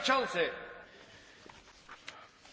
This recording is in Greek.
przewodniczący!